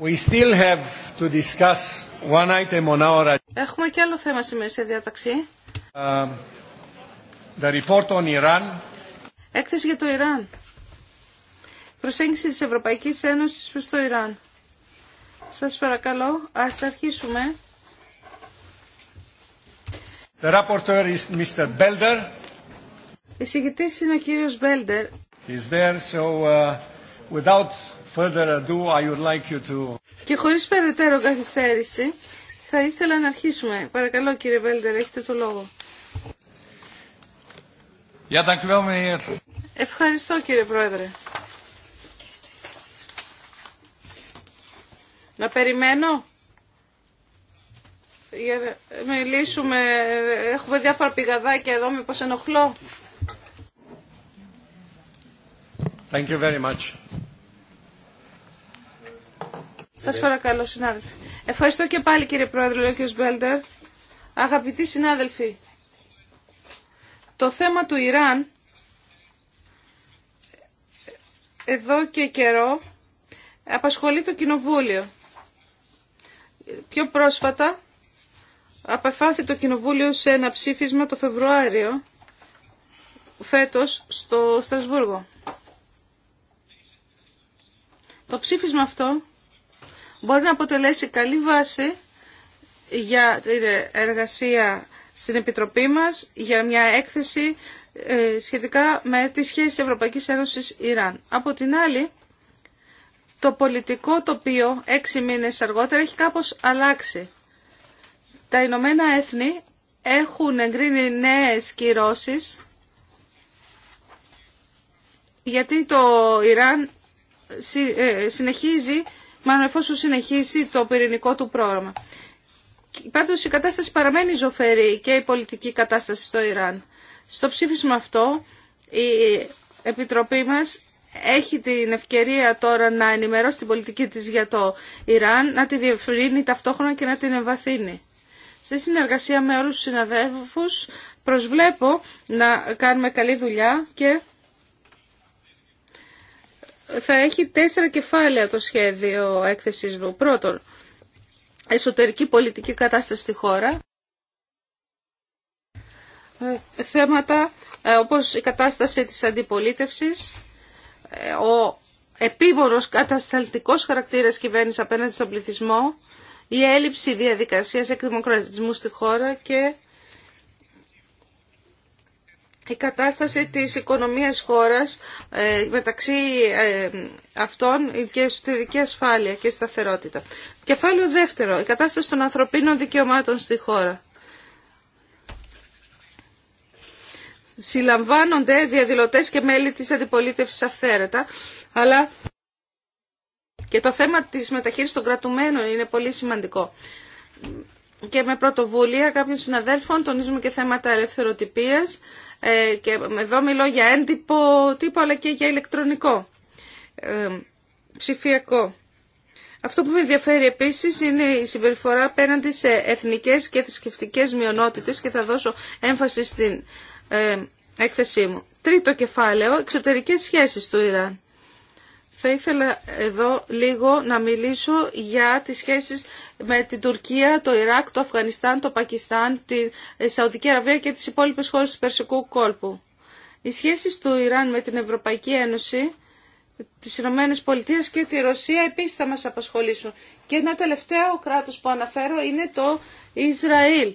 We still have to discuss one item on our... Έχουμε και άλλο θέμα σήμερα σε διάταξη. Uh, the report on Iran. Έκθεση για το Ιράν. Προσέγγιση της Ευρωπαϊκής Ένωσης προς το Ιράν. Σας παρακαλώ, ας αρχίσουμε. The rapporteur is Mr. Belder. Εισηγητής είναι ο κύριος Belder. He's there, so uh... Και χωρίς περαιτέρω καθυστέρηση, θα ήθελα να αρχίσουμε. Παρακαλώ κύριε Βέλντερ, έχετε το λόγο. Ευχαριστώ κύριε Πρόεδρε. Να περιμένω για να μιλήσουμε. Έχουμε διάφορα πηγαδάκια εδώ, μήπως ενοχλώ. Thank you very much. Σας παρακαλώ, συνάδελφοι. Ευχαριστώ και πάλι, κύριε Πρόεδρε, λέει ο Μπέλντερ. Αγαπητοί συνάδελφοι, το θέμα του Ιράν εδώ και καιρό απασχολεί το Κοινοβούλιο. Πιο πρόσφατα απεφάθη το Κοινοβούλιο σε ένα ψήφισμα το Φεβρουάριο φέτος στο Στρασβούργο. Το ψήφισμα αυτό μπορεί να αποτελέσει καλή βάση για την εργασία στην Επιτροπή μας για μια έκθεση ε, σχετικά με τη σχέση Ευρωπαϊκής Ένωσης Ιράν. Από την άλλη, το πολιτικό τοπίο έξι μήνες αργότερα έχει κάπως αλλάξει. Τα Ηνωμένα Έθνη έχουν εγκρίνει νέες κυρώσεις γιατί το Ιράν ε, συνεχίζει μάλλον εφόσον συνεχίσει το πυρηνικό του πρόγραμμα. Πάντω η κατάσταση παραμένει ζωφερή και η πολιτική κατάσταση στο Ιράν. Στο ψήφισμα αυτό η Επιτροπή μας έχει την ευκαιρία τώρα να ενημερώσει την πολιτική της για το Ιράν, να τη διευρύνει ταυτόχρονα και να την εμβαθύνει. Σε συνεργασία με όλους τους συναδέλφους προσβλέπω να κάνουμε καλή δουλειά και θα έχει τέσσερα κεφάλαια το σχέδιο έκθεσης μου. Πρώτον, εσωτερική πολιτική κατάσταση στη χώρα. Ε, θέματα ε, όπως η κατάσταση της αντιπολίτευσης, ε, ο επίμονος κατασταλτικός χαρακτήρας κυβέρνηση απέναντι στον πληθυσμό, η έλλειψη διαδικασίας εκδημοκρατισμού στη χώρα και η κατάσταση της οικονομίας χώρας ε, μεταξύ ε, αυτών και εσωτερική ασφάλεια και σταθερότητα. Κεφάλαιο δεύτερο, η κατάσταση των ανθρωπίνων δικαιωμάτων στη χώρα. Συλλαμβάνονται διαδηλωτές και μέλη της αντιπολίτευσης αυθαίρετα, αλλά και το θέμα της μεταχείρισης των κρατουμένων είναι πολύ σημαντικό. Και με πρωτοβουλία κάποιων συναδέλφων τονίζουμε και θέματα ελευθεροτυπίας, ε, και εδώ μιλώ για έντυπο τύπο αλλά και για ηλεκτρονικό ε, ψηφιακό. Αυτό που με ενδιαφέρει επίσης είναι η συμπεριφορά απέναντι σε εθνικές και θρησκευτικέ μειονότητες και θα δώσω έμφαση στην ε, έκθεσή μου. Τρίτο κεφάλαιο, εξωτερικές σχέσεις του Ιράν. Θα ήθελα εδώ λίγο να μιλήσω για τις σχέσεις με την Τουρκία, το Ιράκ, το Αφγανιστάν, το Πακιστάν, τη Σαουδική Αραβία και τις υπόλοιπες χώρες του Περσικού κόλπου. Οι σχέσεις του Ιράν με την Ευρωπαϊκή Ένωση, τις Ηνωμένε Πολιτείε και τη Ρωσία επίσης θα μας απασχολήσουν. Και ένα τελευταίο κράτος που αναφέρω είναι το Ισραήλ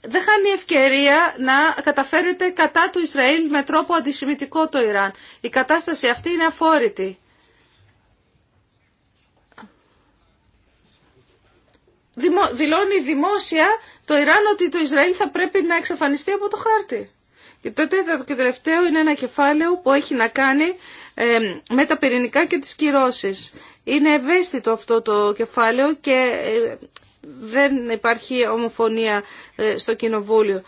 δεν χάνει ευκαιρία να καταφέρεται κατά του Ισραήλ με τρόπο αντισημιτικό το Ιράν. Η κατάσταση αυτή είναι αφόρητη. Δηλώνει δημόσια το Ιράν ότι το Ισραήλ θα πρέπει να εξαφανιστεί από το χάρτη. Και το τέταρτο και τελευταίο είναι ένα κεφάλαιο που έχει να κάνει με τα πυρηνικά και τις κυρώσεις. Είναι ευαίσθητο αυτό το κεφάλαιο και ε, δεν υπάρχει ομοφωνία ε, στο Κοινοβούλιο.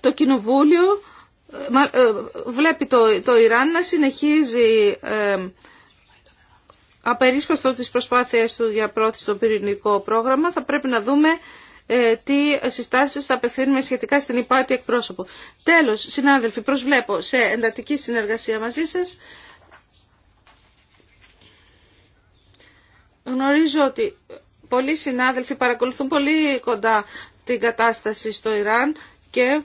Το Κοινοβούλιο ε, ε, βλέπει το, Ιράν να συνεχίζει απερίσπαστο τις προσπάθειες του για πρόθεση στο πυρηνικό πρόγραμμα. Θα πρέπει να δούμε τι συστάσεις θα απευθύνουμε σχετικά στην υπάτη εκπρόσωπο. Τέλος, συνάδελφοι, προσβλέπω σε εντατική συνεργασία μαζί σας. Γνωρίζω ότι Πολλοί συνάδελφοι παρακολουθούν πολύ κοντά την κατάσταση στο Ιράν και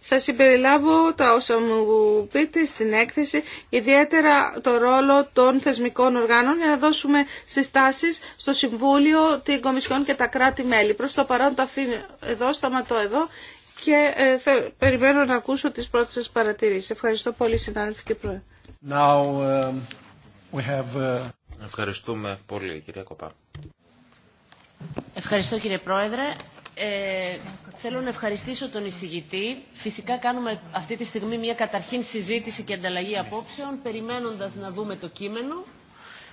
θα συμπεριλάβω τα όσα μου πείτε στην έκθεση, ιδιαίτερα το ρόλο των θεσμικών οργάνων για να δώσουμε συστάσεις στο Συμβούλιο, την Κομισιόν και τα κράτη-μέλη. Προς το παρόν το αφήνω εδώ, σταματώ εδώ και ε, περιμένω να ακούσω τις πρώτες σας παρατηρήσεις. Ευχαριστώ πολύ συνάδελφοι και πρόεδρε. Uh, Ευχαριστούμε πολύ, κυρία Κοπά. Ευχαριστώ, κύριε Πρόεδρε. Ε, θέλω να ευχαριστήσω τον εισηγητή. Φυσικά κάνουμε αυτή τη στιγμή μια καταρχήν συζήτηση και ανταλλαγή απόψεων, περιμένοντας να δούμε το κείμενο,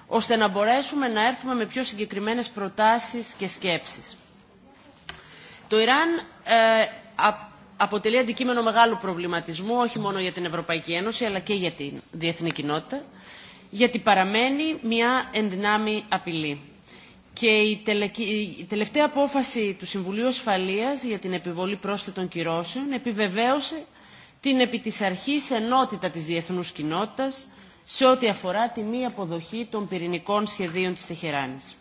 ώστε να μπορέσουμε να έρθουμε με πιο συγκεκριμένες προτάσεις και σκέψεις. Το Ιράν ε, αποτελεί αντικείμενο μεγάλου προβληματισμού, όχι μόνο για την Ευρωπαϊκή Ένωση, αλλά και για την διεθνή κοινότητα γιατί παραμένει μια ενδυνάμει απειλή. Και η τελευταία απόφαση του Συμβουλίου Ασφαλείας για την επιβολή πρόσθετων κυρώσεων επιβεβαίωσε την επί της αρχής ενότητα της διεθνούς κοινότητας σε ό,τι αφορά τη μη αποδοχή των πυρηνικών σχεδίων της Τεχεράνης.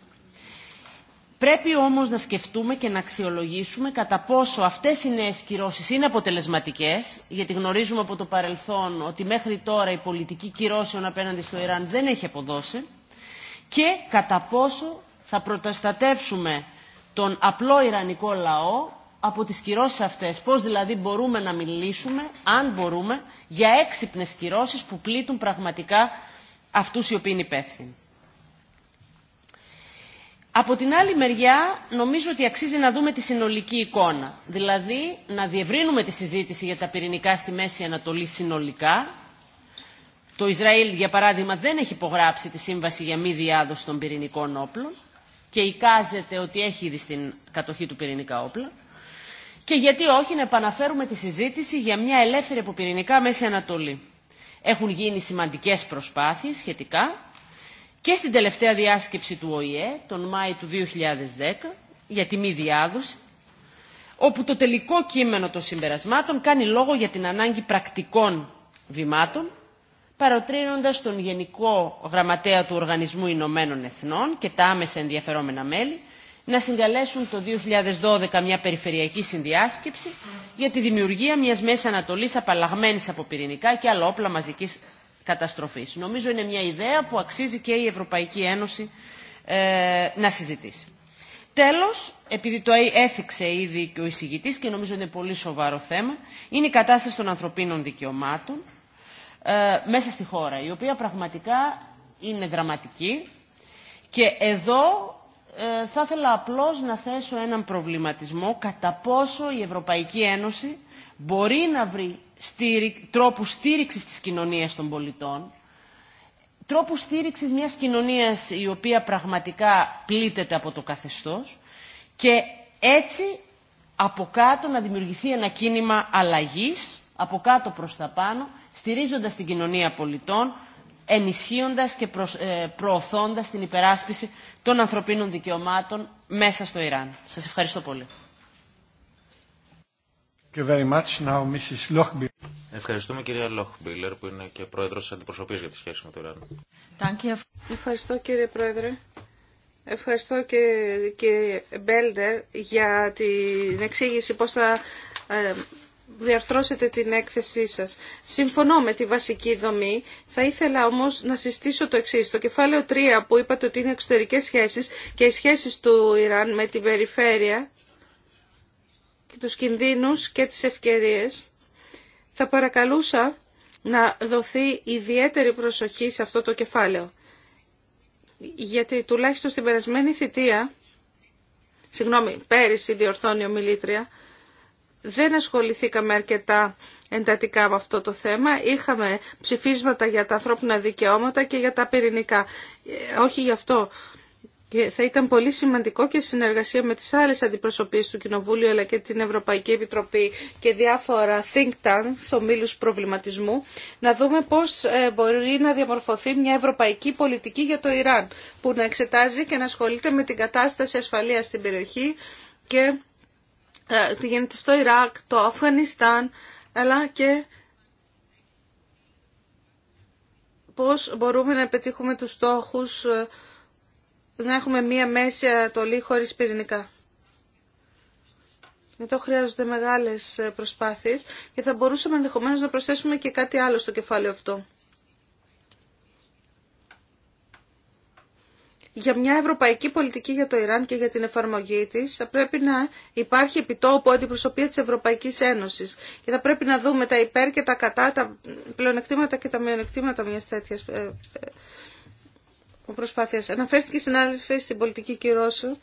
Πρέπει όμως να σκεφτούμε και να αξιολογήσουμε κατά πόσο αυτές οι νέες κυρώσεις είναι αποτελεσματικές, γιατί γνωρίζουμε από το παρελθόν ότι μέχρι τώρα η πολιτική κυρώσεων απέναντι στο Ιράν δεν έχει αποδώσει, και κατά πόσο θα προστατεύσουμε τον απλό Ιρανικό λαό από τις κυρώσεις αυτές. Πώς δηλαδή μπορούμε να μιλήσουμε, αν μπορούμε, για έξυπνες κυρώσεις που πλήττουν πραγματικά αυτούς οι οποίοι είναι υπεύθυνοι. Από την άλλη μεριά, νομίζω ότι αξίζει να δούμε τη συνολική εικόνα. Δηλαδή, να διευρύνουμε τη συζήτηση για τα πυρηνικά στη Μέση Ανατολή συνολικά. Το Ισραήλ, για παράδειγμα, δεν έχει υπογράψει τη Σύμβαση για μη διάδοση των πυρηνικών όπλων και εικάζεται ότι έχει ήδη στην κατοχή του πυρηνικά όπλα. Και γιατί όχι να επαναφέρουμε τη συζήτηση για μια ελεύθερη από πυρηνικά Μέση Ανατολή. Έχουν γίνει σημαντικές προσπάθειες σχετικά, και στην τελευταία διάσκεψη του ΟΗΕ, τον Μάη του 2010, για τη μη διάδοση, όπου το τελικό κείμενο των συμπερασμάτων κάνει λόγο για την ανάγκη πρακτικών βημάτων, παροτρύνοντας τον Γενικό Γραμματέα του Οργανισμού Ηνωμένων Εθνών και τα άμεσα ενδιαφερόμενα μέλη, να συγκαλέσουν το 2012 μια περιφερειακή συνδιάσκεψη για τη δημιουργία μιας Μέσης Ανατολής απαλλαγμένης από πυρηνικά και άλλα όπλα μαζικής καταστροφής. Νομίζω είναι μια ιδέα που αξίζει και η Ευρωπαϊκή Ένωση ε, να συζητήσει. Τέλος, επειδή το έθιξε ήδη και ο εισηγητής και νομίζω είναι πολύ σοβαρό θέμα, είναι η κατάσταση των ανθρωπίνων δικαιωμάτων ε, μέσα στη χώρα, η οποία πραγματικά είναι δραματική και εδώ ε, θα ήθελα απλώς να θέσω έναν προβληματισμό κατά πόσο η Ευρωπαϊκή Ένωση μπορεί να βρει τρόπου στήριξης της κοινωνίας των πολιτών, τρόπου στήριξης μιας κοινωνίας η οποία πραγματικά πλήττεται από το καθεστώς και έτσι από κάτω να δημιουργηθεί ένα κίνημα αλλαγής, από κάτω προς τα πάνω, στηρίζοντας την κοινωνία πολιτών, ενισχύοντας και ε, προωθώντας την υπεράσπιση των ανθρωπίνων δικαιωμάτων μέσα στο Ιράν. Σας ευχαριστώ πολύ. Ευχαριστούμε κυρία Λόχμπιλερ που είναι και πρόεδρος της Αντιπροσωπείας για τη σχέση με το Ιράν. Ευχαριστώ κύριε πρόεδρε. Ευχαριστώ και κύριε Μπέλντερ για την εξήγηση πώς θα ε, διαρθρώσετε την έκθεσή σας. Συμφωνώ με τη βασική δομή. Θα ήθελα όμως να συστήσω το εξής. Το κεφάλαιο 3 που είπατε ότι είναι εξωτερικές σχέσεις και οι σχέσεις του Ιράν με την περιφέρεια και τους κινδύνους και τις ευκαιρίες θα παρακαλούσα να δοθεί ιδιαίτερη προσοχή σε αυτό το κεφάλαιο. Γιατί τουλάχιστον στην περασμένη θητεία, συγγνώμη, πέρυσι διορθώνει ο Μιλήτρια, δεν ασχοληθήκαμε αρκετά εντατικά με αυτό το θέμα. Είχαμε ψηφίσματα για τα ανθρώπινα δικαιώματα και για τα πυρηνικά. Ε, όχι γι' αυτό και θα ήταν πολύ σημαντικό και συνεργασία με τις άλλες αντιπροσωπείες του Κοινοβούλιο αλλά και την Ευρωπαϊκή Επιτροπή και διάφορα think tanks, ομίλους προβληματισμού, να δούμε πώς ε, μπορεί να διαμορφωθεί μια ευρωπαϊκή πολιτική για το Ιράν που να εξετάζει και να ασχολείται με την κατάσταση ασφαλείας στην περιοχή και ε, τι γίνεται στο Ιράκ, το Αφγανιστάν αλλά και πώς μπορούμε να πετύχουμε τους στόχους ε, να έχουμε μία μέση ατολή χωρίς πυρηνικά. Εδώ χρειάζονται μεγάλες προσπάθειες και θα μπορούσαμε ενδεχομένως να προσθέσουμε και κάτι άλλο στο κεφάλαιο αυτό. για μια ευρωπαϊκή πολιτική για το Ιράν και για την εφαρμογή της θα πρέπει να υπάρχει επιτόπου αντιπροσωπεία τη Ευρωπαϊκή Ένωση. Και θα πρέπει να δούμε τα υπέρ και τα κατά, τα πλεονεκτήματα και τα μειονεκτήματα μιας τέτοια ε, ε, Αναφέρθηκε στην στην πολιτική κυρώσεων.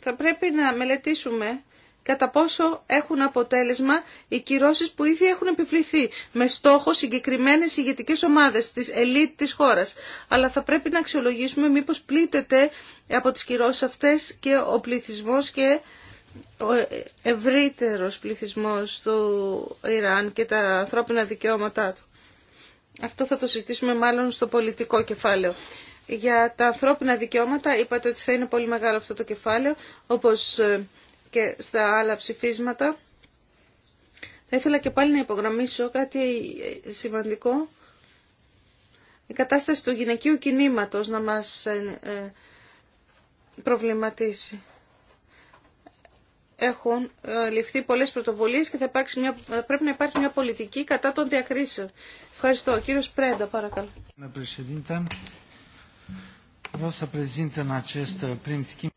Θα πρέπει να μελετήσουμε κατά πόσο έχουν αποτέλεσμα οι κυρώσεις που ήδη έχουν επιβληθεί με στόχο συγκεκριμένες ηγετικές ομάδες της ελίτ της χώρας. Αλλά θα πρέπει να αξιολογήσουμε μήπως πλήττεται από τις κυρώσεις αυτές και ο πληθυσμός και ο ευρύτερος πληθυσμός του Ιράν και τα ανθρώπινα δικαιώματά του. Αυτό θα το συζητήσουμε μάλλον στο πολιτικό κεφάλαιο. Για τα ανθρώπινα δικαιώματα είπατε ότι θα είναι πολύ μεγάλο αυτό το κεφάλαιο, όπως ε, και στα άλλα ψηφίσματα. Θα ήθελα και πάλι να υπογραμμίσω κάτι ε, σημαντικό. Η κατάσταση του γυναικείου κινήματος να μας ε, προβληματίσει έχουν ε, ληφθεί πολλές πρωτοβουλίες και θα, υπάρξει μια, πρέπει να υπάρχει μια πολιτική κατά των διακρίσεων. Ευχαριστώ. Κύριος Πρέντα, παρακαλώ.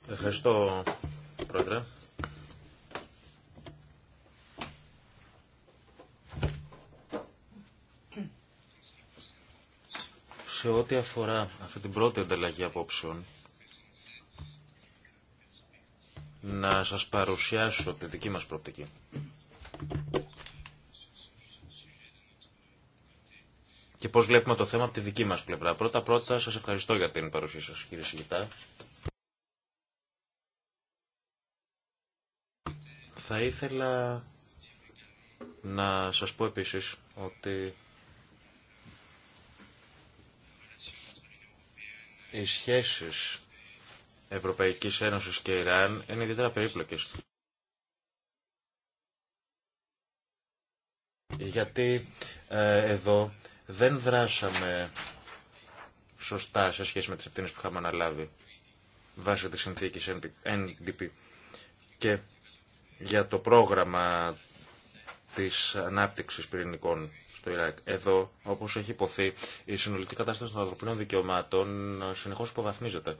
Ευχαριστώ, Πρόεδρε. Σε ό,τι αφορά αυτή την πρώτη ανταλλαγή απόψεων, να σας παρουσιάσω τη δική μας προοπτική. Και πώς βλέπουμε το θέμα από τη δική μας πλευρά. Πρώτα-πρώτα σας ευχαριστώ για την παρουσία σας κύριε Σιγητά. Θα ήθελα να σας πω επίσης ότι οι σχέσεις Ευρωπαϊκή Ένωση και Ιράν είναι ιδιαίτερα περίπλοκες. Γιατί ε, εδώ δεν δράσαμε σωστά σε σχέση με τις ευθύνες που είχαμε αναλάβει βάσει της συνθήκης NDP. Και για το πρόγραμμα της ανάπτυξης πυρηνικών στο Ιράκ. Εδώ, όπως έχει υποθεί, η συνολική κατάσταση των ανθρωπίνων δικαιωμάτων συνεχώς υποβαθμίζεται.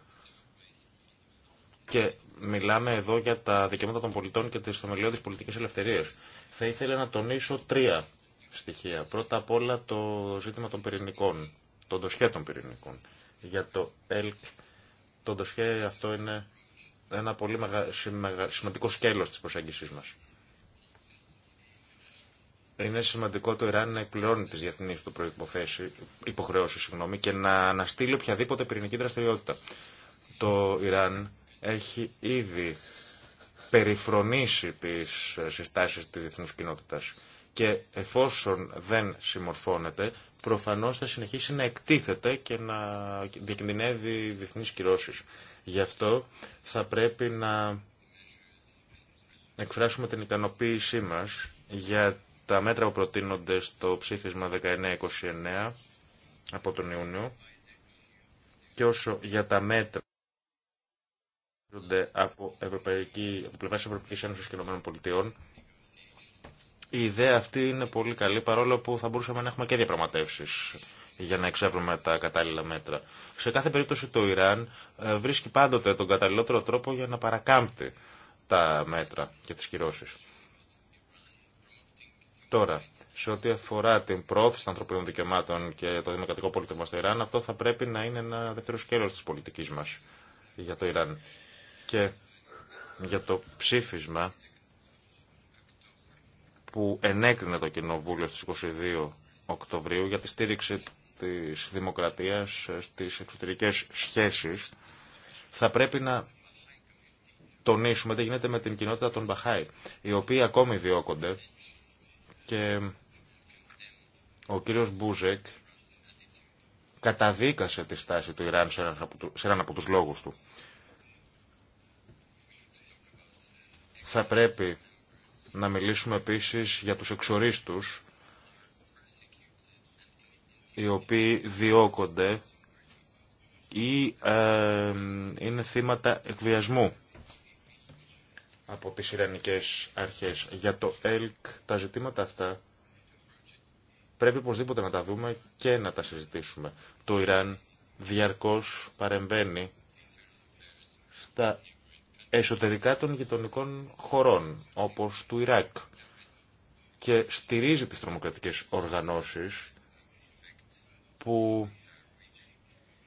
Και μιλάμε εδώ για τα δικαιώματα των πολιτών και τι θεμελιώδει πολιτικέ ελευθερίε. Θα ήθελα να τονίσω τρία στοιχεία. Πρώτα απ' όλα το ζήτημα των πυρηνικών, των των πυρηνικών. Για το ΕΛΚ το τοσχέ αυτό είναι ένα πολύ σημαντικό σκέλος της προσέγγισης μας. Είναι σημαντικό το Ιράν να εκπληρώνει τις διεθνείς του υποχρεώσεις συγγνώμη, και να αναστείλει οποιαδήποτε πυρηνική δραστηριότητα. Το Ιράν έχει ήδη περιφρονήσει τις συστάσεις της διεθνούς κοινότητας και εφόσον δεν συμμορφώνεται, προφανώς θα συνεχίσει να εκτίθεται και να διακινδυνεύει διεθνείς κυρώσεις. Γι' αυτό θα πρέπει να εκφράσουμε την ικανοποίησή μας για τα μέτρα που προτείνονται στο ψήφισμα 1929 από τον Ιούνιο και όσο για τα μέτρα από, ευρωπαϊκή, από πλευρά τη Ευρωπαϊκή Ένωση και ΗΠΑ. Η ιδέα αυτή είναι πολύ καλή, παρόλο που θα μπορούσαμε να έχουμε και διαπραγματεύσει για να εξεύρουμε τα κατάλληλα μέτρα. Σε κάθε περίπτωση το Ιράν ε, βρίσκει πάντοτε τον καταλληλότερο τρόπο για να παρακάμπτει τα μέτρα και τις κυρώσεις. Τώρα, σε ό,τι αφορά την πρόθεση των ανθρωπίνων δικαιωμάτων και το δημοκρατικό πολίτευμα στο Ιράν, αυτό θα πρέπει να είναι ένα δεύτερο σκέλος της πολιτικής μας για το Ιράν και για το ψήφισμα που ενέκρινε το Κοινοβούλιο στις 22 Οκτωβρίου για τη στήριξη της δημοκρατίας στις εξωτερικές σχέσεις θα πρέπει να τονίσουμε τι γίνεται με την κοινότητα των Μπαχάη οι οποίοι ακόμη διώκονται και ο κύριος Μπούζεκ καταδίκασε τη στάση του Ιράν σε έναν από τους λόγους του. Θα πρέπει να μιλήσουμε επίσης για τους εξορίστους, οι οποίοι διώκονται ή είναι θύματα εκβιασμού από τις Ιρανικές αρχές. Για το ΕΛΚ τα ζητήματα αυτά πρέπει οπωσδήποτε να τα δούμε και να τα συζητήσουμε. Το Ιράν διαρκώς παρεμβαίνει στα εσωτερικά των γειτονικών χωρών, όπως του Ιράκ, και στηρίζει τις τρομοκρατικές οργανώσεις που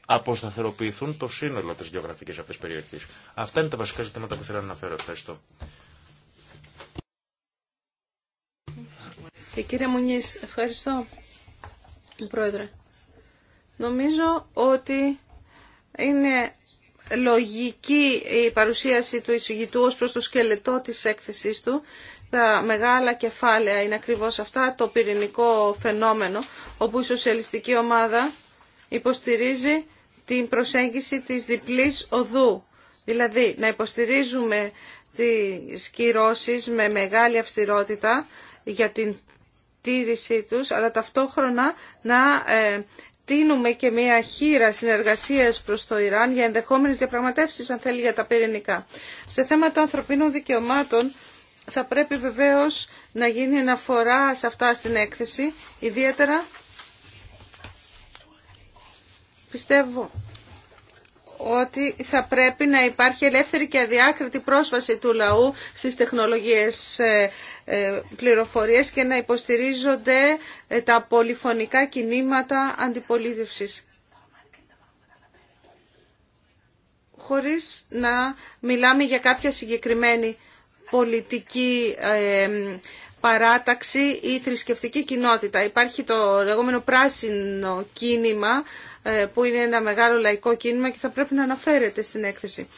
αποσταθεροποιηθούν το σύνολο της γεωγραφικής αυτής περιοχής. Αυτά είναι τα βασικά ζητήματα που θέλω να αναφέρω. Ευχαριστώ. Ε, κύριε Μουνής, ευχαριστώ, Πρόεδρε. Νομίζω ότι είναι λογική η παρουσίαση του εισηγητού ως προς το σκελετό της έκθεσής του. Τα μεγάλα κεφάλαια είναι ακριβώς αυτά, το πυρηνικό φαινόμενο, όπου η σοσιαλιστική ομάδα υποστηρίζει την προσέγγιση της διπλής οδού. Δηλαδή, να υποστηρίζουμε τις κυρώσεις με μεγάλη αυστηρότητα για την τήρησή τους, αλλά ταυτόχρονα να ε, Τίνουμε και μια χείρα συνεργασίας προς το Ιράν για ενδεχόμενες διαπραγματεύσεις, αν θέλει, για τα πυρηνικά. Σε θέματα ανθρωπίνων δικαιωμάτων θα πρέπει βεβαίως να γίνει αναφορά σε αυτά στην έκθεση, ιδιαίτερα πιστεύω ότι θα πρέπει να υπάρχει ελεύθερη και αδιάκριτη πρόσβαση του λαού στις τεχνολογίες ε, ε, πληροφορίες και να υποστηρίζονται ε, τα πολυφωνικά κινήματα αντιπολίτευσης. Χωρίς να μιλάμε για κάποια συγκεκριμένη πολιτική παράταξη ή θρησκευτική κοινότητα. Υπάρχει το λεγόμενο πράσινο κίνημα ε, που είναι ένα μεγάλο λαϊκό κίνημα και θα πρέπει να αναφέρεται στην έκθεση.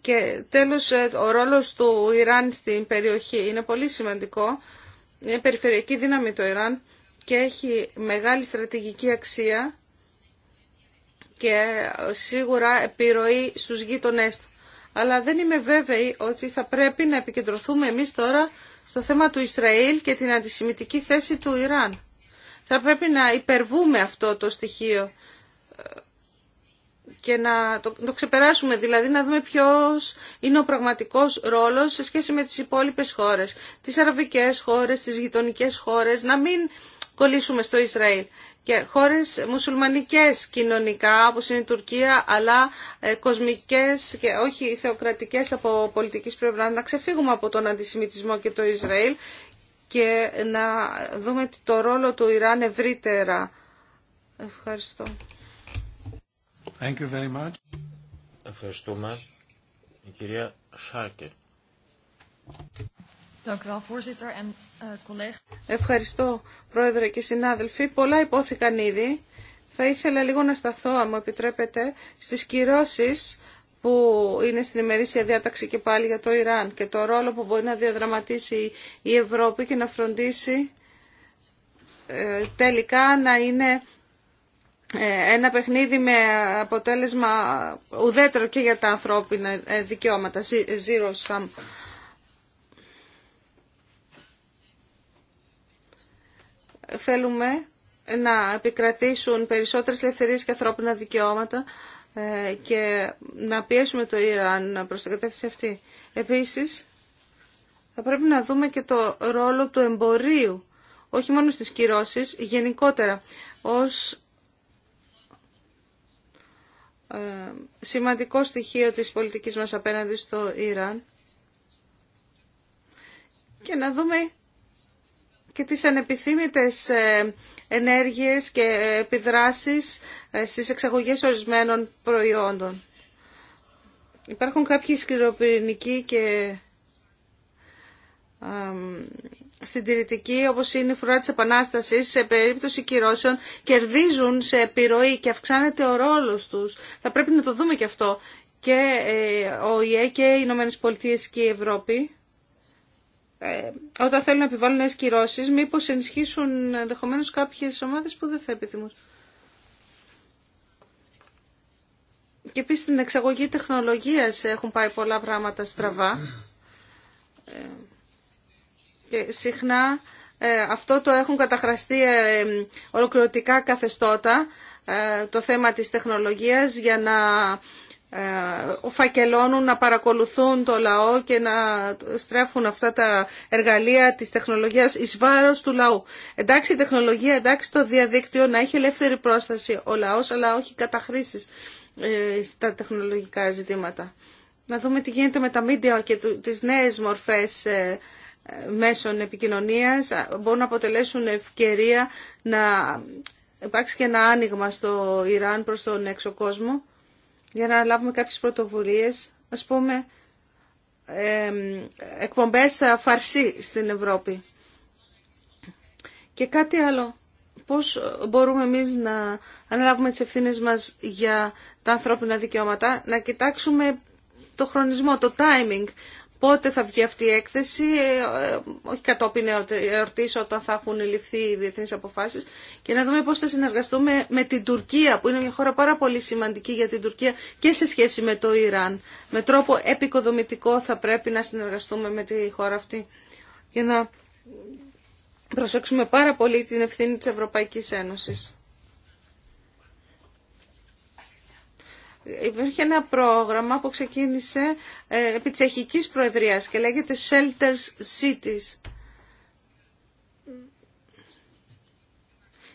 Και τέλος, ε, ο ρόλος του Ιράν στην περιοχή είναι πολύ σημαντικό. Είναι περιφερειακή δύναμη το Ιράν και έχει μεγάλη στρατηγική αξία και σίγουρα επιρροή στους γείτονές του. Αλλά δεν είμαι βέβαιη ότι θα πρέπει να επικεντρωθούμε εμείς τώρα στο θέμα του Ισραήλ και την αντισημιτική θέση του Ιράν. Θα πρέπει να υπερβούμε αυτό το στοιχείο και να το, ξεπεράσουμε, δηλαδή να δούμε ποιος είναι ο πραγματικός ρόλος σε σχέση με τις υπόλοιπες χώρες, τις αραβικές χώρες, τις γειτονικές χώρες, να μην κολλήσουμε στο Ισραήλ. Και χώρες μουσουλμανικές κοινωνικά, όπως είναι η Τουρκία, αλλά ε, κοσμικές και όχι θεοκρατικές από πολιτικής πλευρά, να ξεφύγουμε από τον αντισημιτισμό και το Ισραήλ και να δούμε το ρόλο του Ιράν ευρύτερα. Ευχαριστώ. Ευχαριστούμε. Η κυρία Σάρκε. Eh, Ευχαριστώ, Πρόεδρε και συνάδελφοι. Πολλά υπόθηκαν ήδη. Θα ήθελα λίγο να σταθώ, αν μου επιτρέπετε, στις κυρώσεις που είναι στην ημερήσια διάταξη και πάλι για το Ιράν και το ρόλο που μπορεί να διαδραματίσει η Ευρώπη και να φροντίσει ε, τελικά να είναι ε, ένα παιχνίδι με αποτέλεσμα ουδέτερο και για τα ανθρώπινα ε, δικαιώματα, zero sum. Θέλουμε να επικρατήσουν περισσότερες ελευθερίες και ανθρώπινα δικαιώματα ε, και να πιέσουμε το Ιράν προς την κατεύθυνση αυτή. Επίσης, θα πρέπει να δούμε και το ρόλο του εμπορίου, όχι μόνο στις κυρώσεις, γενικότερα, ως ε, σημαντικό στοιχείο της πολιτικής μας απέναντι στο Ιράν και να δούμε και τις ανεπιθύμητες ε, ενέργειες και επιδράσεις ε, στις εξαγωγές ορισμένων προϊόντων. Υπάρχουν κάποιοι σκληροπυρηνικοί και συντηρητικοί όπως είναι η φρουρά της Επανάστασης σε περίπτωση κυρώσεων κερδίζουν σε επιρροή και αυξάνεται ο ρόλος τους. Θα πρέπει να το δούμε και αυτό. Και ε, ο ΙΕ και οι Ηνωμένες Πολιτείες και η Ευρώπη ε, όταν θέλουν να επιβάλλουν νέες κυρώσεις μήπως ενισχύσουν ενδεχομένω κάποιες ομάδες που δεν θα επιθυμούν. Και επίσης στην εξαγωγή τεχνολογίας έχουν πάει πολλά πράγματα στραβά ε, και συχνά ε, αυτό το έχουν καταχραστεί ε, ολοκληρωτικά καθεστώτα, ε, το θέμα της τεχνολογίας, για να φακελώνουν, να παρακολουθούν το λαό και να στρέφουν αυτά τα εργαλεία της τεχνολογίας εις βάρος του λαού. Εντάξει η τεχνολογία, εντάξει το διαδίκτυο να έχει ελεύθερη πρόσταση ο λαός, αλλά όχι καταχρήσεις στα τεχνολογικά ζητήματα. Να δούμε τι γίνεται με τα μίντια και τις νέες μορφές μέσων επικοινωνίας μπορούν να αποτελέσουν ευκαιρία να υπάρξει και ένα άνοιγμα στο Ιράν προς τον έξω κόσμο για να λάβουμε κάποιες πρωτοβουλίες, ας πούμε ε, εκπομπές φαρσί στην Ευρώπη. Και κάτι άλλο, πώς μπορούμε εμείς να αναλάβουμε τις ευθύνες μας για τα ανθρώπινα δικαιώματα, να κοιτάξουμε το χρονισμό, το timing, πότε θα βγει αυτή η έκθεση, ε, ε, όχι κατόπιν ε, εορτής όταν θα έχουν ληφθεί οι διεθνείς αποφάσεις και να δούμε πώς θα συνεργαστούμε με την Τουρκία που είναι μια χώρα πάρα πολύ σημαντική για την Τουρκία και σε σχέση με το Ιράν. Με τρόπο επικοδομητικό θα πρέπει να συνεργαστούμε με τη χώρα αυτή για να προσέξουμε πάρα πολύ την ευθύνη της Ευρωπαϊκής Ένωσης. Υπήρχε ένα πρόγραμμα που ξεκίνησε ε, επί τσεχικής προεδρίας και λέγεται Shelters Cities.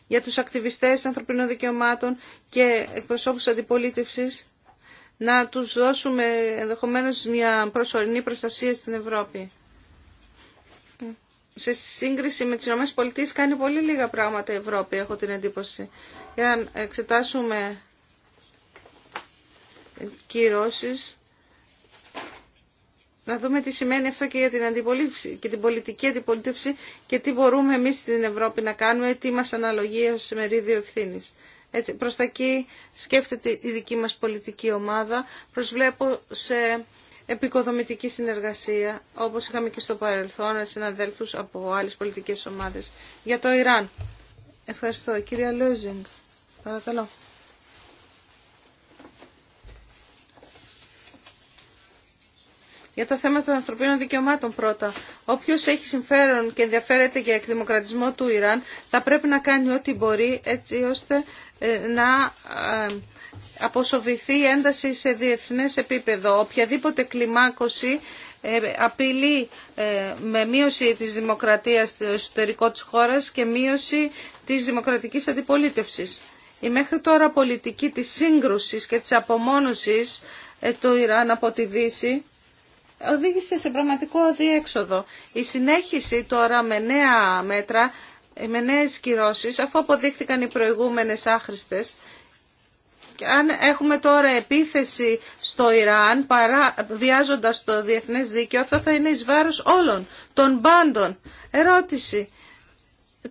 Για τους ακτιβιστές ανθρωπινών δικαιωμάτων και εκπροσώπους αντιπολίτευσης να τους δώσουμε ενδεχομένως μια προσωρινή προστασία στην Ευρώπη. Σε σύγκριση με τις ΗΠΑ κάνει πολύ λίγα πράγματα η Ευρώπη, έχω την εντύπωση. Εάν εξετάσουμε κυρώσεις. Να δούμε τι σημαίνει αυτό και για την αντιπολίτευση και την πολιτική αντιπολίτευση και τι μπορούμε εμείς στην Ευρώπη να κάνουμε, τι μας αναλογεί ως μερίδιο ευθύνη. Έτσι, προς τα εκεί σκέφτεται η δική μας πολιτική ομάδα. Προσβλέπω σε επικοδομητική συνεργασία, όπως είχαμε και στο παρελθόν, συναδέλφους από άλλες πολιτικές ομάδες, για το Ιράν. Ευχαριστώ. Κυρία Λούζινγκ, παρακαλώ. Για τα θέματα των ανθρωπίνων δικαιωμάτων πρώτα. Όποιο έχει συμφέρον και ενδιαφέρεται για εκδημοκρατισμό του Ιράν θα πρέπει να κάνει ό,τι μπορεί έτσι ώστε ε, να ε, αποσοβηθεί ένταση σε διεθνές επίπεδο. Οποιαδήποτε κλιμάκωση ε, απειλεί με μείωση της δημοκρατίας στο εσωτερικό της χώρας και μείωση της δημοκρατικής αντιπολίτευσης. Η μέχρι τώρα πολιτική της σύγκρουσης και της απομόνωσης του Ιράν από τη Δύση οδήγησε σε πραγματικό αδιέξοδο. Η συνέχιση τώρα με νέα μέτρα, με νέες κυρώσεις, αφού αποδείχθηκαν οι προηγούμενες άχρηστες, και αν έχουμε τώρα επίθεση στο Ιράν, παρά, βιάζοντας το διεθνές δίκαιο, αυτό θα είναι εις βάρος όλων των πάντων. Ερώτηση.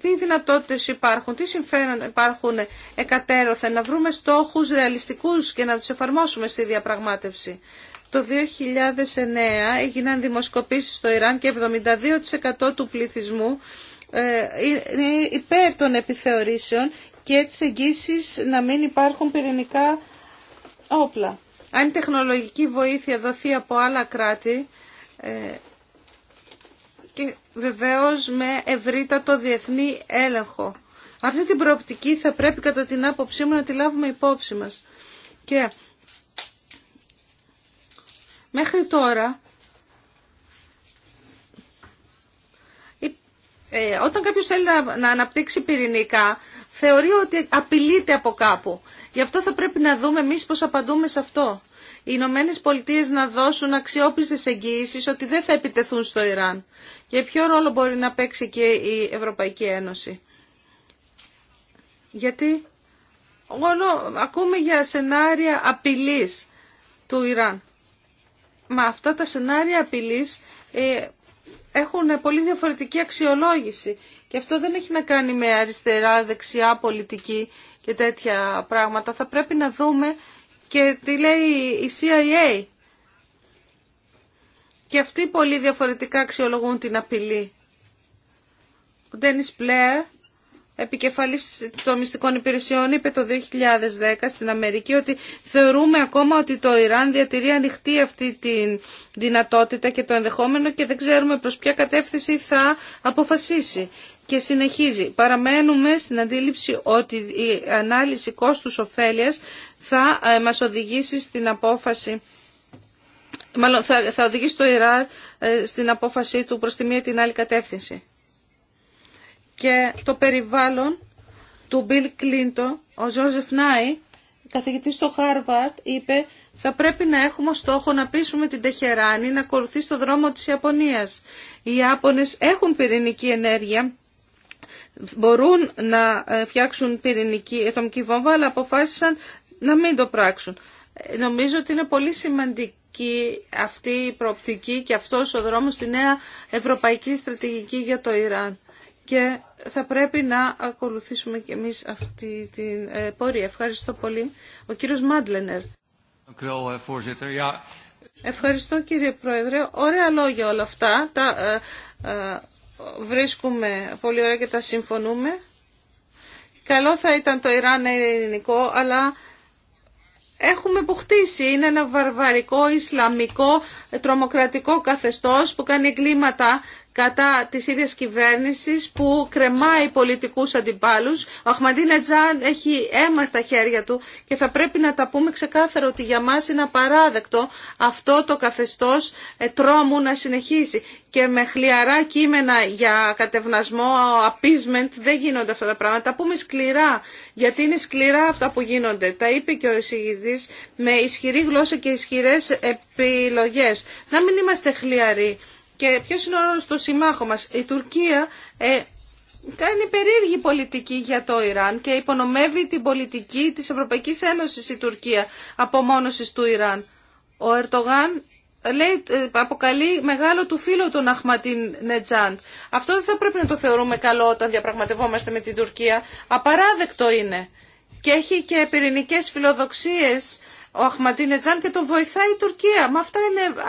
Τι δυνατότητες υπάρχουν, τι συμφέρον υπάρχουν εκατέρωθεν, να βρούμε στόχους ρεαλιστικούς και να τους εφαρμόσουμε στη διαπραγμάτευση. Το 2009 έγιναν δημοσκοπήσεις στο Ιράν και 72% του πληθυσμού ε, είναι υπέρ των επιθεωρήσεων και έτσι εγγύσεις να μην υπάρχουν πυρηνικά όπλα. Αν η τεχνολογική βοήθεια δοθεί από άλλα κράτη ε, και βεβαίως με ευρύτατο διεθνή έλεγχο. Αυτή την προοπτική θα πρέπει κατά την άποψή μου να τη λάβουμε υπόψη μας. Και Μέχρι τώρα, ε, όταν κάποιος θέλει να αναπτύξει πυρηνικά, θεωρεί ότι απειλείται από κάπου. Γι' αυτό θα πρέπει να δούμε εμεί πώς απαντούμε σε αυτό. Οι Ηνωμένε Πολιτείε να δώσουν αξιόπιστες εγγυήσει ότι δεν θα επιτεθούν στο Ιράν. Και ποιο ρόλο μπορεί να παίξει και η Ευρωπαϊκή Ένωση. Γιατί όλο ακούμε για σενάρια απειλής του Ιράν. Μα αυτά τα σενάρια απειλής ε, έχουν πολύ διαφορετική αξιολόγηση και αυτό δεν έχει να κάνει με αριστερά, δεξιά, πολιτική και τέτοια πράγματα. Θα πρέπει να δούμε και τι λέει η CIA. Και αυτοί πολύ διαφορετικά αξιολογούν την απειλή. Ο Ντένις Πλέερ επικεφαλής των μυστικών υπηρεσιών είπε το 2010 στην Αμερική ότι θεωρούμε ακόμα ότι το Ιράν διατηρεί ανοιχτή αυτή τη δυνατότητα και το ενδεχόμενο και δεν ξέρουμε προς ποια κατεύθυνση θα αποφασίσει. Και συνεχίζει. Παραμένουμε στην αντίληψη ότι η ανάλυση κόστους ωφέλειας θα ε, μας οδηγήσει στην απόφαση Μάλλον θα, οδηγήσει το Ιράν ε, στην απόφαση του προς τη μία την άλλη κατεύθυνση και το περιβάλλον του Bill Clinton, ο Τζόζεφ Νάι, καθηγητής στο Χάρβαρτ, είπε θα πρέπει να έχουμε στόχο να πείσουμε την Τεχεράνη να ακολουθεί στο δρόμο της Ιαπωνίας. Οι Ιάπωνες έχουν πυρηνική ενέργεια, μπορούν να ε, φτιάξουν πυρηνική ατομική βόμβα, αλλά αποφάσισαν να μην το πράξουν. Ε, νομίζω ότι είναι πολύ σημαντική αυτή η προοπτική και αυτός ο δρόμος στη νέα ευρωπαϊκή στρατηγική για το Ιράν και θα πρέπει να ακολουθήσουμε και εμείς αυτή την ε, πορεία. Ευχαριστώ πολύ. Ο κύριος Μάντλενερ. Eh, Ευχαριστώ κύριε Πρόεδρε. Ωραία λόγια όλα αυτά. Τα ε, ε, βρίσκουμε πολύ ωραία και τα συμφωνούμε. Καλό θα ήταν το Ιράν να είναι ελληνικό, αλλά έχουμε που χτίσει. Είναι ένα βαρβαρικό, ισλαμικό, τρομοκρατικό καθεστώς που κάνει εγκλήματα κατά της ίδιας κυβέρνησης που κρεμάει πολιτικούς αντιπάλους. Ο Αχμαντή Τζάν έχει αίμα στα χέρια του και θα πρέπει να τα πούμε ξεκάθαρο ότι για μας είναι απαράδεκτο αυτό το καθεστώς ε, τρόμου να συνεχίσει. Και με χλιαρά κείμενα για κατευνασμό, appeasement, δεν γίνονται αυτά τα πράγματα. Τα πούμε σκληρά, γιατί είναι σκληρά αυτά που γίνονται. Τα είπε και ο εισηγητή με ισχυρή γλώσσα και ισχυρές επιλογές. Να μην είμαστε χλιαροί. Και ποιος είναι ο ρόλος του συμμάχου μας. Η Τουρκία ε, κάνει περίεργη πολιτική για το Ιράν και υπονομεύει την πολιτική της Ευρωπαϊκής Ένωσης η Τουρκία απομόνωσης του Ιράν. Ο Ερτογάν λέει, ε, αποκαλεί μεγάλο του φίλο τον Αχματίν Νετζάν. Αυτό δεν θα πρέπει να το θεωρούμε καλό όταν διαπραγματευόμαστε με την Τουρκία. Απαράδεκτο είναι. Και έχει και πυρηνικές φιλοδοξίες ο Αχματίνετζάν και τον βοηθάει η Τουρκία. Μα αυτά είναι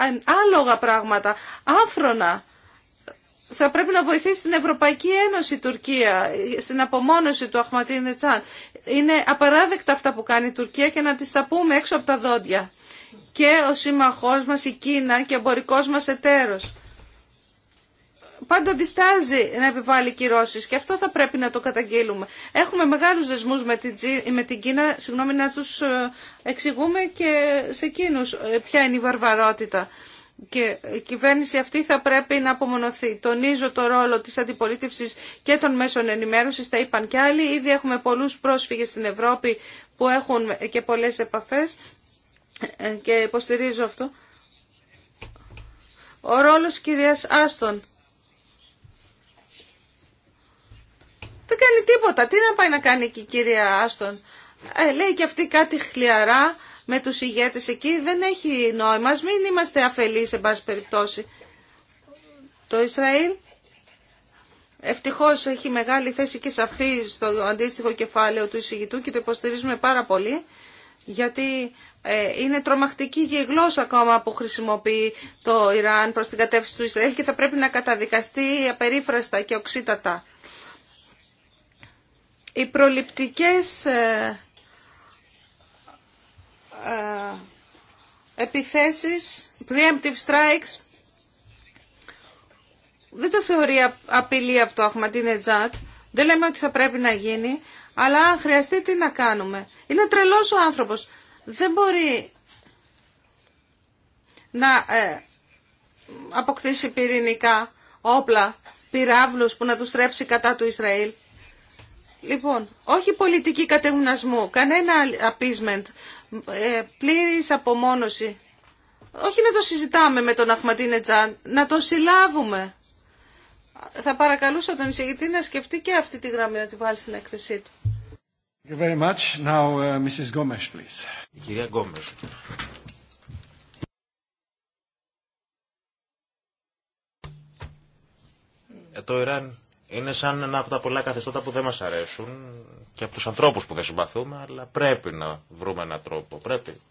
άλογα πράγματα, άφρονα. Θα πρέπει να βοηθήσει την Ευρωπαϊκή Ένωση η Τουρκία στην απομόνωση του Αχματίνετζάν. Είναι απαράδεκτα αυτά που κάνει η Τουρκία και να τις τα πούμε έξω από τα δόντια. Και ο σύμμαχός μας η Κίνα και ο εμπορικός μας εταίρος πάντα διστάζει να επιβάλλει κυρώσεις και αυτό θα πρέπει να το καταγγείλουμε. Έχουμε μεγάλους δεσμούς με την Κίνα, συγγνώμη να τους ε, εξηγούμε και σε εκείνου ε, ποια είναι η βαρβαρότητα. Και η κυβέρνηση αυτή θα πρέπει να απομονωθεί. Τονίζω το ρόλο της αντιπολίτευσης και των μέσων ενημέρωσης, τα είπαν κι άλλοι. Ήδη έχουμε πολλούς πρόσφυγες στην Ευρώπη που έχουν και πολλές επαφές ε, και υποστηρίζω αυτό. Ο ρόλος κυρίας Άστον Δεν κάνει τίποτα. Τι να πάει να κάνει εκεί η κυρία Άστον. Ε, λέει και αυτή κάτι χλιαρά με τους ηγέτες εκεί. Δεν έχει νόημα. μην είμαστε αφελείς, σε πάση περιπτώσει. Το Ισραήλ ευτυχώς έχει μεγάλη θέση και σαφή στο αντίστοιχο κεφάλαιο του εισηγητού και το υποστηρίζουμε πάρα πολύ γιατί ε, είναι τρομακτική και η γλώσσα ακόμα που χρησιμοποιεί το Ιράν προς την κατεύθυνση του Ισραήλ και θα πρέπει να καταδικαστεί απερίφραστα και οξύτατα οι προληπτικές ε, ε, επιθέσεις, preemptive strikes, δεν το θεωρεί απειλή αυτό τζατ. Δεν λέμε ότι θα πρέπει να γίνει, αλλά αν χρειαστεί τι να κάνουμε. Είναι τρελός ο άνθρωπος. Δεν μπορεί να ε, αποκτήσει πυρηνικά όπλα, πυράβλους που να τους στρέψει κατά του Ισραήλ. Λοιπόν, όχι πολιτική κατεγνασμού, κανένα appeasement, ε, πλήρης απομόνωση. Όχι να το συζητάμε με τον Αχματίνετζάν, να τον συλλάβουμε. Θα παρακαλούσα τον εισηγητή να σκεφτεί και αυτή τη γραμμή να τη βάλει στην έκθεσή του. Thank you very much. Now, uh, Mrs. Gomes, please. Η κυρία Γκόμες. Το Ιράν είναι σαν ένα από τα πολλά καθεστώτα που δεν μας αρέσουν και από τους ανθρώπους που δεν συμπαθούμε, αλλά πρέπει να βρούμε έναν τρόπο, πρέπει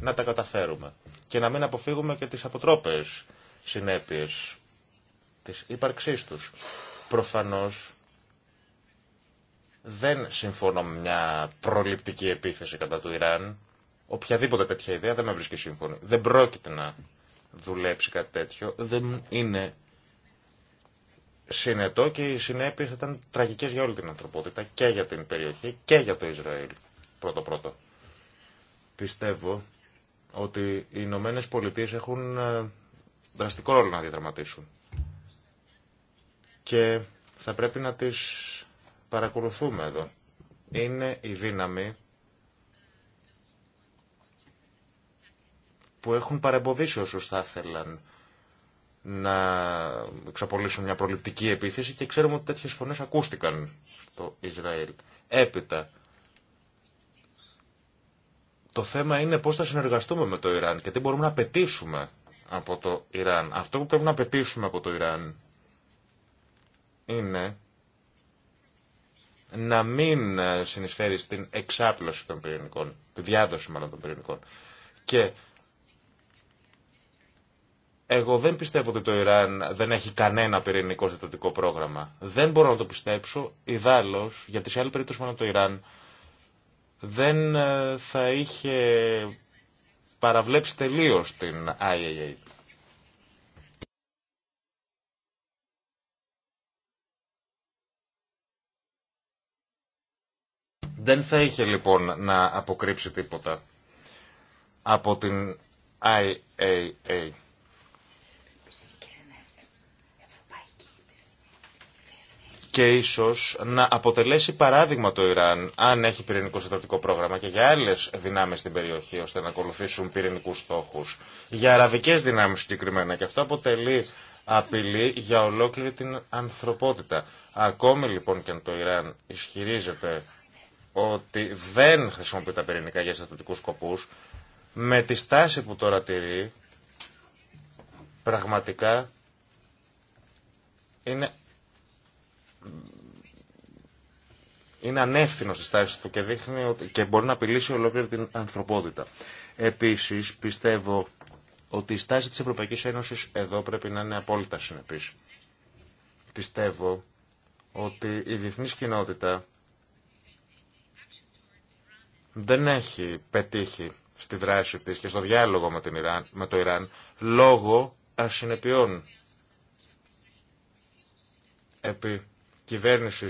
να τα καταφέρουμε και να μην αποφύγουμε και τις αποτρόπες συνέπειες της ύπαρξής τους. Προφανώς δεν συμφωνώ με μια προληπτική επίθεση κατά του Ιράν. Οποιαδήποτε τέτοια ιδέα δεν με βρίσκει σύμφωνη. Δεν πρόκειται να δουλέψει κάτι τέτοιο. Δεν είναι συνετό και οι συνέπειε ήταν τραγικέ για όλη την ανθρωπότητα και για την περιοχή και για το Ισραήλ. Πρώτο πρώτο. Πιστεύω ότι οι Ηνωμένε Πολιτείε έχουν ε, δραστικό ρόλο να διαδραματίσουν. Και θα πρέπει να τις παρακολουθούμε εδώ. Είναι η δύναμη που έχουν παρεμποδίσει όσους θα ήθελαν να εξαπολύσουν μια προληπτική επίθεση και ξέρουμε ότι τέτοιες φωνές ακούστηκαν στο Ισραήλ. Έπειτα, το θέμα είναι πώς θα συνεργαστούμε με το Ιράν και τι μπορούμε να απαιτήσουμε από το Ιράν. Αυτό που πρέπει να απαιτήσουμε από το Ιράν είναι να μην συνεισφέρει στην εξάπλωση των πυρηνικών, τη διάδοση μάλλον των πυρηνικών. Και εγώ δεν πιστεύω ότι το Ιράν δεν έχει κανένα πυρηνικό στρατιωτικό πρόγραμμα. Δεν μπορώ να το πιστέψω, Ιδάλω, γιατί σε άλλη περίπτωση μόνο το Ιράν δεν ε, θα είχε παραβλέψει τελείω την IAA. Δεν θα είχε λοιπόν να αποκρύψει τίποτα από την IAA. και ίσως να αποτελέσει παράδειγμα το Ιράν αν έχει πυρηνικό στρατιωτικό πρόγραμμα και για άλλε δυνάμεις στην περιοχή ώστε να ακολουθήσουν πυρηνικού στόχους. Για αραβικές δυνάμεις συγκεκριμένα και αυτό αποτελεί απειλή για ολόκληρη την ανθρωπότητα. Ακόμη λοιπόν και αν το Ιράν ισχυρίζεται ότι δεν χρησιμοποιεί τα πυρηνικά για στρατιωτικού σκοπού, με τη στάση που τώρα τηρεί, πραγματικά είναι είναι ανεύθυνο στη στάση του και, δείχνει ότι και μπορεί να απειλήσει ολόκληρη την ανθρωπότητα. Επίσης πιστεύω ότι η στάση της Ευρωπαϊκής Ένωση εδώ πρέπει να είναι απόλυτα συνεπής. Πιστεύω ότι η διεθνή κοινότητα δεν έχει πετύχει στη δράση της και στο διάλογο με, με το Ιράν λόγω ασυνεπιών επί κυβέρνηση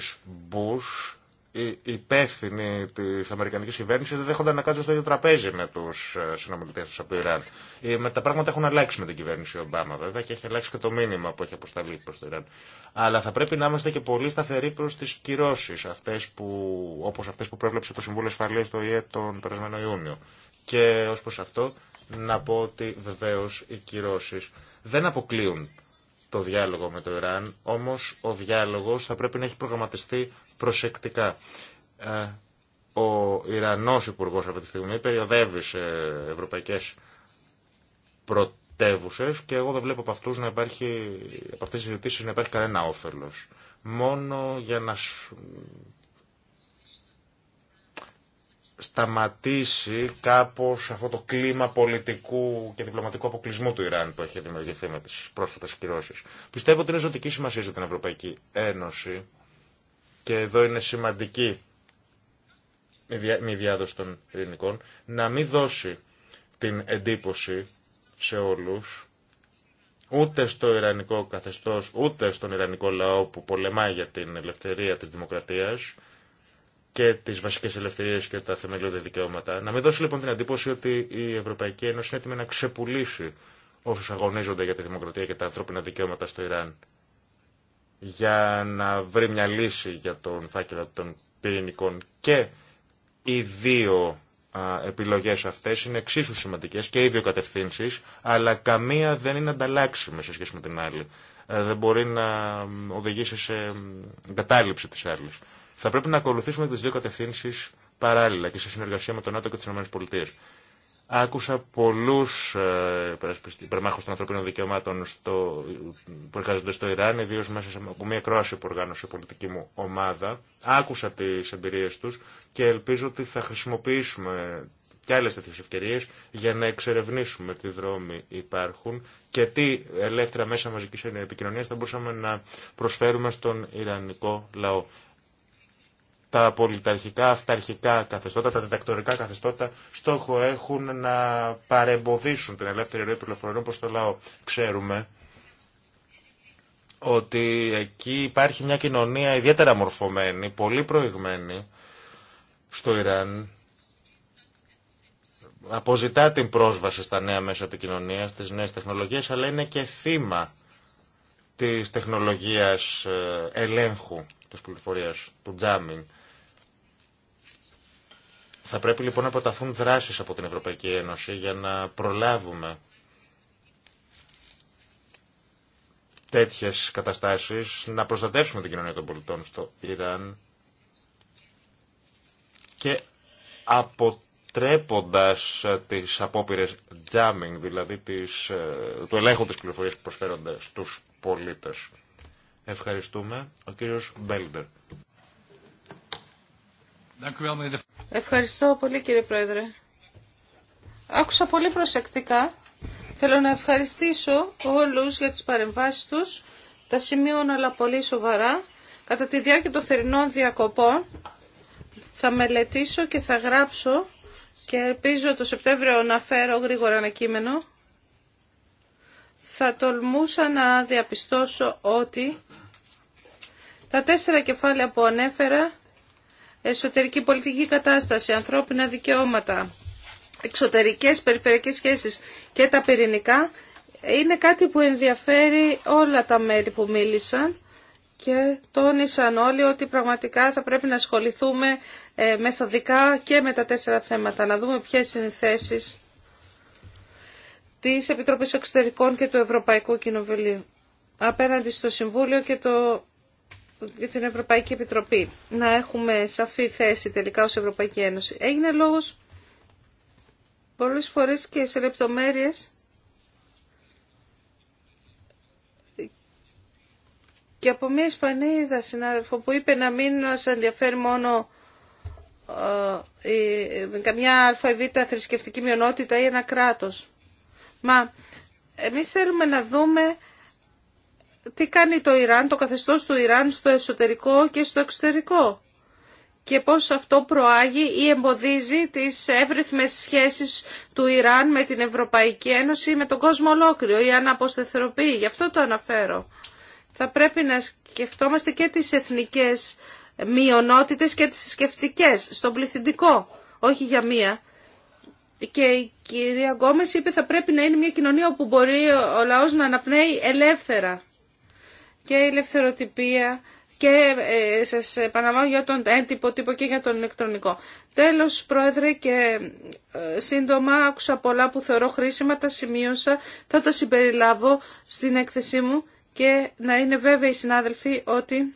Bush οι υπεύθυνοι τη Αμερικανική κυβέρνηση δεν δέχονταν να κάτσουν στο ίδιο τραπέζι με του ε, συνομιλητέ του από το Ιράν. Ε, τα πράγματα έχουν αλλάξει με την κυβέρνηση Ομπάμα βέβαια και έχει αλλάξει και το μήνυμα που έχει αποσταλεί προ το Ιράν. Αλλά θα πρέπει να είμαστε και πολύ σταθεροί προ τι κυρώσει όπω αυτέ που πρόβλεψε το Συμβούλιο Ασφαλεία το ΙΕ τον περασμένο Ιούνιο. Και ω προ αυτό να πω ότι βεβαίω οι κυρώσει δεν αποκλείουν το διάλογο με το Ιράν, όμως ο διάλογος θα πρέπει να έχει προγραμματιστεί προσεκτικά. Ε, ο Ιρανός Υπουργός αυτή τη στιγμή περιοδεύει σε ευρωπαϊκές πρωτεύουσες και εγώ δεν βλέπω από, αυτούς να υπάρχει, από αυτές τις συζητήσεις να υπάρχει κανένα όφελος. Μόνο για να σταματήσει κάπως αυτό το κλίμα πολιτικού και διπλωματικού αποκλεισμού του Ιράν που έχει δημιουργηθεί με τις πρόσφατες κυρώσει. Πιστεύω ότι είναι ζωτική σημασία για την Ευρωπαϊκή Ένωση και εδώ είναι σημαντική η διάδοση των ειρηνικών να μην δώσει την εντύπωση σε όλους ούτε στο Ιρανικό καθεστώς ούτε στον Ιρανικό λαό που πολεμάει για την ελευθερία της δημοκρατίας και τι βασικέ ελευθερίε και τα θεμελιώδη δικαιώματα. Να μην δώσει λοιπόν την εντύπωση ότι η Ευρωπαϊκή Ένωση είναι έτοιμη να ξεπουλήσει όσου αγωνίζονται για τη δημοκρατία και τα ανθρώπινα δικαιώματα στο Ιράν για να βρει μια λύση για τον φάκελο των πυρηνικών. Και οι δύο επιλογές αυτές είναι εξίσου σημαντικές και οι δύο κατευθύνσεις, αλλά καμία δεν είναι ανταλλάξιμη σε σχέση με την άλλη. Ε, δεν μπορεί να οδηγήσει σε κατάληψη της άλλης. Θα πρέπει να ακολουθήσουμε τι δύο κατευθύνσει παράλληλα και σε συνεργασία με τον ΝΑΤΟ και τι ΗΠΑ. Άκουσα πολλού ε, υπερμάχου των ανθρωπίνων δικαιωμάτων στο, που εργάζονται στο Ιράν, ιδίω μέσα από μια κρόαση που οργάνωσε η πολιτική μου ομάδα. Άκουσα τι εμπειρίε του και ελπίζω ότι θα χρησιμοποιήσουμε και άλλε τέτοιε ευκαιρίε για να εξερευνήσουμε τι δρόμοι υπάρχουν και τι ελεύθερα μέσα μαζική επικοινωνία θα μπορούσαμε να προσφέρουμε στον Ιρανικό λαό τα πολιταρχικά, αυταρχικά καθεστώτα, τα διδακτορικά καθεστώτα, στόχο έχουν να παρεμποδίσουν την ελεύθερη ροή πληροφοριών προς το λαό. Ξέρουμε ότι εκεί υπάρχει μια κοινωνία ιδιαίτερα μορφωμένη, πολύ προηγμένη στο Ιράν, αποζητά την πρόσβαση στα νέα μέσα επικοινωνίας, στις νέες τεχνολογίες, αλλά είναι και θύμα της τεχνολογίας ε, ελέγχου της πληροφορίας, του τζάμιν. Θα πρέπει λοιπόν να προταθούν δράσεις από την Ευρωπαϊκή Ένωση για να προλάβουμε τέτοιες καταστάσεις, να προστατεύσουμε την κοινωνία των πολιτών στο Ιράν και αποτρέποντας τις απόπειρες jamming, δηλαδή τις, ε, του ελέγχου της πληροφορίας που προσφέρονται στους πολίτες. Ευχαριστούμε. Ο κύριος Μπέλντερ. Ευχαριστώ πολύ κύριε Πρόεδρε. Άκουσα πολύ προσεκτικά. Θέλω να ευχαριστήσω όλους για τις παρεμβάσεις τους. Τα σημείωνα αλλά πολύ σοβαρά. Κατά τη διάρκεια των θερινών διακοπών θα μελετήσω και θα γράψω και ελπίζω το Σεπτέμβριο να φέρω γρήγορα ένα κείμενο. Θα τολμούσα να διαπιστώσω ότι τα τέσσερα κεφάλαια που ανέφερα εσωτερική πολιτική κατάσταση, ανθρώπινα δικαιώματα, εξωτερικές περιφερειακές σχέσεις και τα πυρηνικά είναι κάτι που ενδιαφέρει όλα τα μέρη που μίλησαν και τόνισαν όλοι ότι πραγματικά θα πρέπει να ασχοληθούμε ε, μεθοδικά και με τα τέσσερα θέματα, να δούμε ποιες είναι οι θέσεις της Επιτροπής Εξωτερικών και του Ευρωπαϊκού Κοινοβουλίου απέναντι στο Συμβούλιο και το για την Ευρωπαϊκή Επιτροπή να έχουμε σαφή θέση τελικά ως Ευρωπαϊκή Ένωση. Έγινε λόγος πολλές φορές και σε λεπτομέρειες και από μια Ισπανίδα συνάδελφο που είπε να μην μας ενδιαφέρει μόνο ε, καμιά αλφαβήτα θρησκευτική μειονότητα ή ένα κράτος. Μα εμείς θέλουμε να δούμε τι κάνει το Ιράν, το καθεστώς του Ιράν στο εσωτερικό και στο εξωτερικό και πώς αυτό προάγει ή εμποδίζει τις εύρυθμες σχέσεις του Ιράν με την Ευρωπαϊκή Ένωση με τον κόσμο ολόκληρο ή αν αποστεθεροποιεί. Γι' αυτό το αναφέρω. Θα πρέπει να σκεφτόμαστε και τις εθνικές μειονότητες και τις σκεφτικές στον πληθυντικό, όχι για μία. Και η κυρία Γκόμες είπε θα πρέπει να είναι μια κοινωνία όπου μπορεί ο λαός να αναπνέει ελεύθερα και η ελευθεροτυπία και ε, σας επαναλαμβάνω για τον έντυπο τύπο και για τον ηλεκτρονικό. Τέλος, Πρόεδρε, και ε, σύντομα άκουσα πολλά που θεωρώ χρήσιμα, τα σημείωσα, θα τα συμπεριλάβω στην έκθεσή μου και να είναι βέβαιοι συνάδελφοι ότι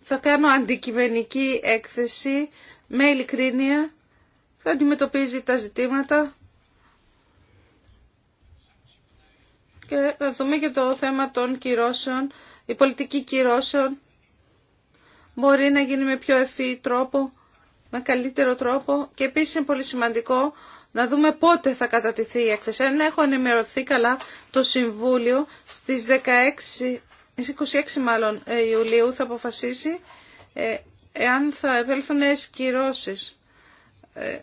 θα κάνω αντικειμενική έκθεση με ειλικρίνεια, θα αντιμετωπίζει τα ζητήματα και θα δούμε και το θέμα των κυρώσεων. Η πολιτική κυρώσεων μπορεί να γίνει με πιο ευφύ τρόπο, με καλύτερο τρόπο και επίσης είναι πολύ σημαντικό να δούμε πότε θα κατατηθεί η έκθεση. Αν έχω ενημερωθεί καλά το Συμβούλιο στις 16, 26 μάλλον ε, Ιουλίου θα αποφασίσει ε, εάν θα επέλθουν νέες κυρώσεις ε,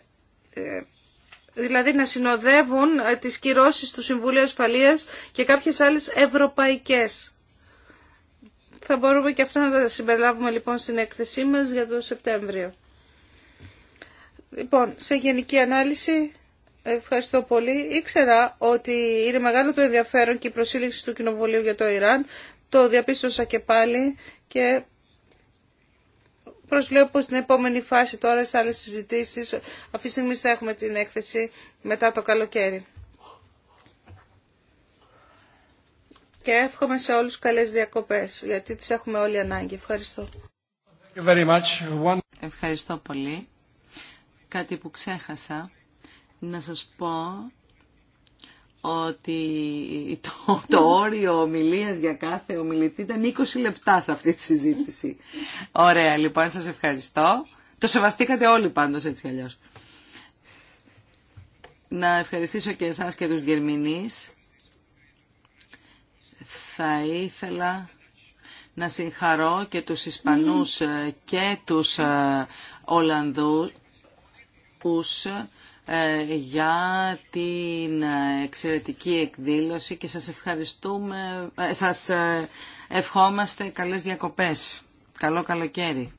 δηλαδή να συνοδεύουν ε, τις κυρώσεις του Συμβουλίου Ασφαλείας και κάποιες άλλες ευρωπαϊκές. Θα μπορούμε και αυτό να τα συμπεριλάβουμε λοιπόν στην έκθεσή μας για το Σεπτέμβριο. Λοιπόν, σε γενική ανάλυση, ευχαριστώ πολύ. Ήξερα ότι είναι μεγάλο το ενδιαφέρον και η προσήλυξη του Κοινοβουλίου για το Ιράν. Το διαπίστωσα και πάλι και Προσβλέπω στην επόμενη φάση τώρα σε άλλες συζητήσεις. Αυτή τη στιγμή θα έχουμε την έκθεση μετά το καλοκαίρι. Και εύχομαι σε όλους καλές διακοπές, γιατί τις έχουμε όλοι ανάγκη. Ευχαριστώ. Ευχαριστώ πολύ. Κάτι που ξέχασα να σας πω ότι το, όριο ομιλίας για κάθε ομιλητή ήταν 20 λεπτά σε αυτή τη συζήτηση. Ωραία, λοιπόν, σας ευχαριστώ. Το σεβαστήκατε όλοι πάντως έτσι κι αλλιώς. Να ευχαριστήσω και εσάς και τους διερμηνείς. Θα ήθελα να συγχαρώ και τους Ισπανούς και τους ε, Ολλανδούς ε, για την εξαιρετική εκδήλωση και σας ευχαριστούμε, ε, σας ε, ευχόμαστε καλές διακοπές. Καλό καλοκαίρι.